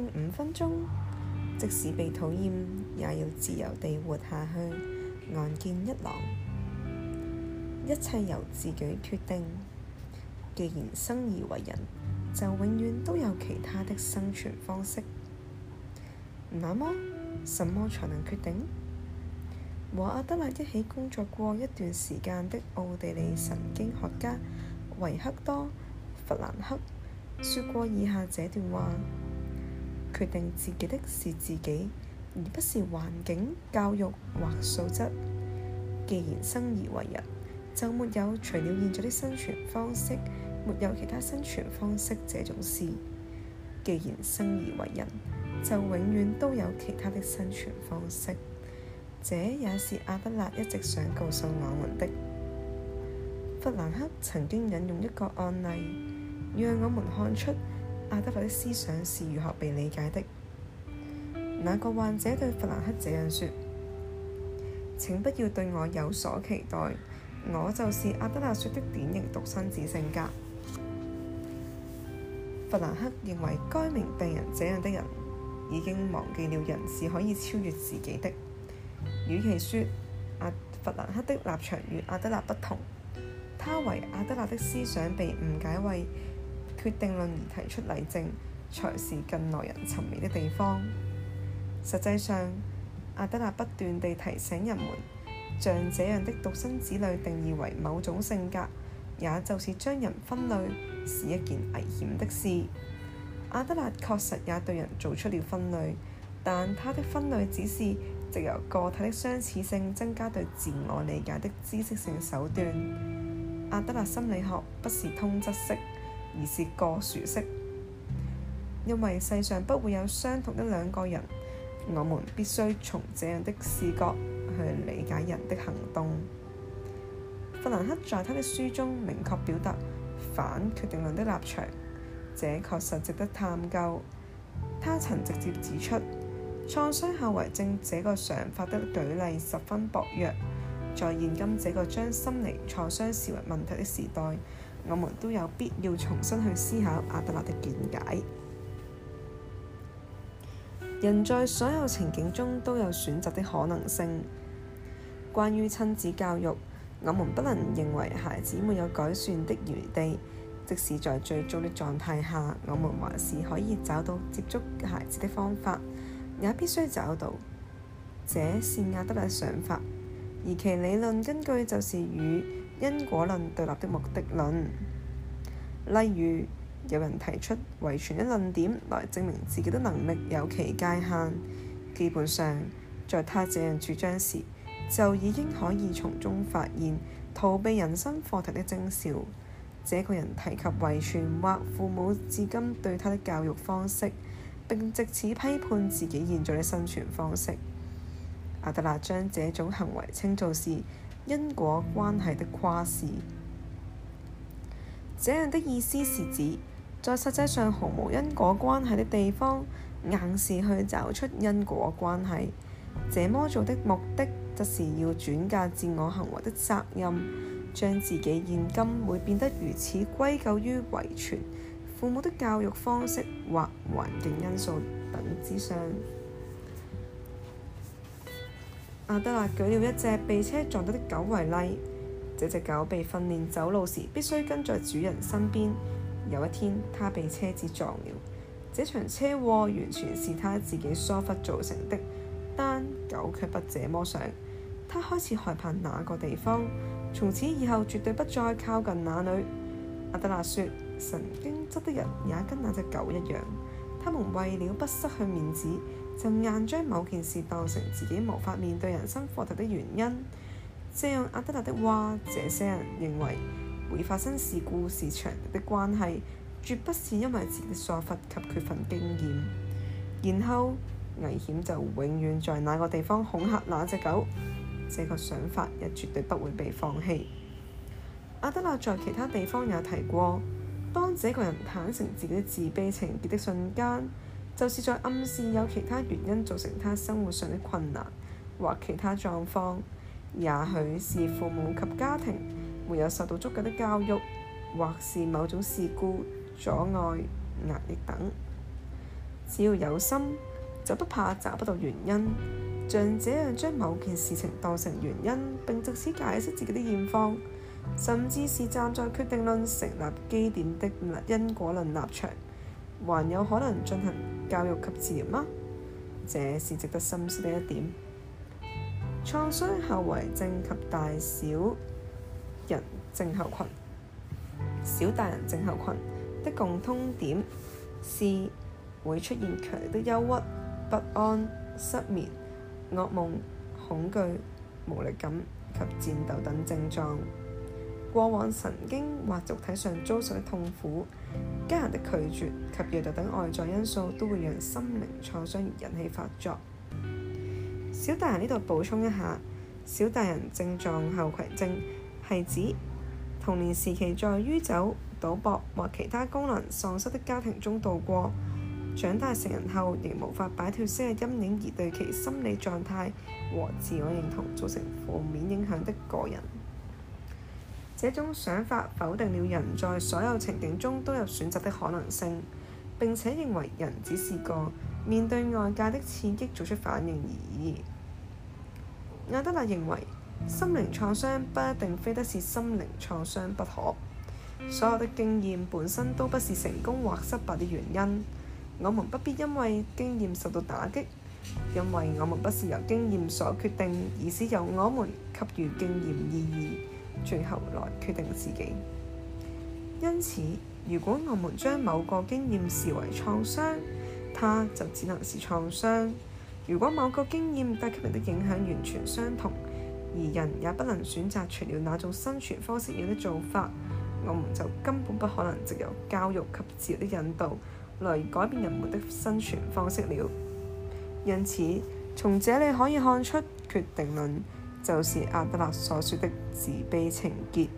五分鐘，即使被討厭，也要自由地活下去。岸見一郎，一切由自己決定。既然生而為人，就永遠都有其他的生存方式。那麼，什麼才能決定？和阿德勒一起工作過一段時間的奧地利神經學家維克多·弗蘭克，說過以下這段話。決定自己的是自己，而不是環境、教育或素質。既然生而為人，就沒有除了現在的生存方式，沒有其他生存方式這種事。既然生而為人，就永遠都有其他的生存方式。這也是阿德勒一直想告訴我們的。弗蘭克曾經引用一個案例，讓我們看出，阿德勒的思想是如何被理解的？那個患者對弗蘭克這樣說：「請不要對我有所期待，我就是阿德勒說的典型獨生子性格。」弗蘭克認為該名病人這樣的人已經忘記了人是可以超越自己的。與其說阿弗蘭克的立場與阿德勒不同，他為阿德勒的思想被誤解為，決定論而提出例證，才是更耐人尋味的地方。實際上，阿德勒不斷地提醒人們，像這樣的獨生子女定義為某種性格，也就是將人分類，是一件危險的事。阿德勒確實也對人做出了分類，但他的分類只是藉由個體的相似性增加對自我理解的知識性手段。阿德勒心理學不是通則式，而是個殊式，因為世上不會有相同的兩個人，我們必須從這樣的視角去理解人的行動。弗 蘭克在他的書中明確表達反決定論的立場，這確實值得探究。他曾直接指出，創傷後遺症這個想法的舉例十分薄弱，在現今這個將心理創傷視為問題的時代。我們都有必要重新去思考阿德勒的見解。人在所有情境中都有選擇的可能性。關於親子教育，我們不能認為孩子沒有改善的餘地。即使在最糟的狀態下，我們還是可以找到接觸孩子的方法，也必須找到。這是阿德勒的想法，而其理論根據就是與因果論對立的目的論，例如有人提出遺傳的論點來證明自己的能力有其界限。基本上，在他這樣主張時，就已經可以從中發現逃避人生課題的徵兆。這個人提及遺傳或父母至今對他的教育方式，並藉此批判自己現在的生存方式。阿德勒將這種行為稱作是因果關係的誇示，這樣的意思是指，在實際上毫無因果關係的地方，硬是去找出因果關係。這麼做的目的，就是要轉嫁自我行為的責任，將自己現今會變得如此歸咎於遺傳、父母的教育方式或環境因素等之上。阿德勒舉了一隻被車撞到的狗為例，這隻狗被訓練走路時必須跟在主人身邊。有一天，它被車子撞了，這場車禍完全是它自己疏忽造成的。但狗卻不這麼想，它開始害怕那個地方，從此以後絕對不再靠近那裡。阿德勒說：神經質的人也跟那隻狗一樣。他們為了不失去面子，就硬將某件事當成自己無法面對人生課題的原因。借用阿德勒的話，這些人認為會發生事故是長日的關係，絕不是因為自己的疏忽及缺乏經驗。然後危險就永遠在那個地方恐嚇那隻狗，這個想法也絕對不會被放棄。阿德勒在其他地方也提過。當這個人坦承自己自卑情結的瞬間，就是在暗示有其他原因造成他生活上的困難或其他狀況，也許是父母及家庭沒有受到足夠的教育，或是某種事故、阻礙、壓力等。只要有心，就不怕找不到原因。像這樣將某件事情當成原因，並即使解釋自己的現況。甚至是站在決定論成立基點的因果論立場，還有可能進行教育及治療嗎？這是值得深思的一點。創傷後遺症及大小人症候群、小大人症候群的共通點是會出現強烈的憂鬱、不安、失眠、噩夢、恐懼、無力感及戰鬥等症狀。過往精神或肉體上遭受的痛苦、家人的拒絕及虐待等外在因素，都會讓心靈創傷而引起發作。小大人，呢度補充一下，小大人症狀後遺症係指童年時期在酗酒、賭博或其他功能喪失的家庭中度過，長大成人後仍無法擺脫些陰影，而對其心理狀態和自我認同造成負面影響的個人。這種想法否定了人在所有情境中都有選擇的可能性，並且認為人只是個面對外界的刺激做出反應而已。亞德勒認為，心靈創傷不一定非得是心靈創傷不可，所有的經驗本身都不是成功或失敗的原因。我們不必因為經驗受到打擊，因為我們不是由經驗所決定，而是由我們給予經驗意義。最後來決定自己。因此，如果我們將某個經驗視為創傷，它就只能是創傷。如果某個經驗帶給人的影響完全相同，而人也不能選擇除了那種生存方式以外的做法，我們就根本不可能藉由教育及自由的引導來改變人們的生存方式了。因此，從這裡可以看出決定論。就是阿德勒所說的自卑情結。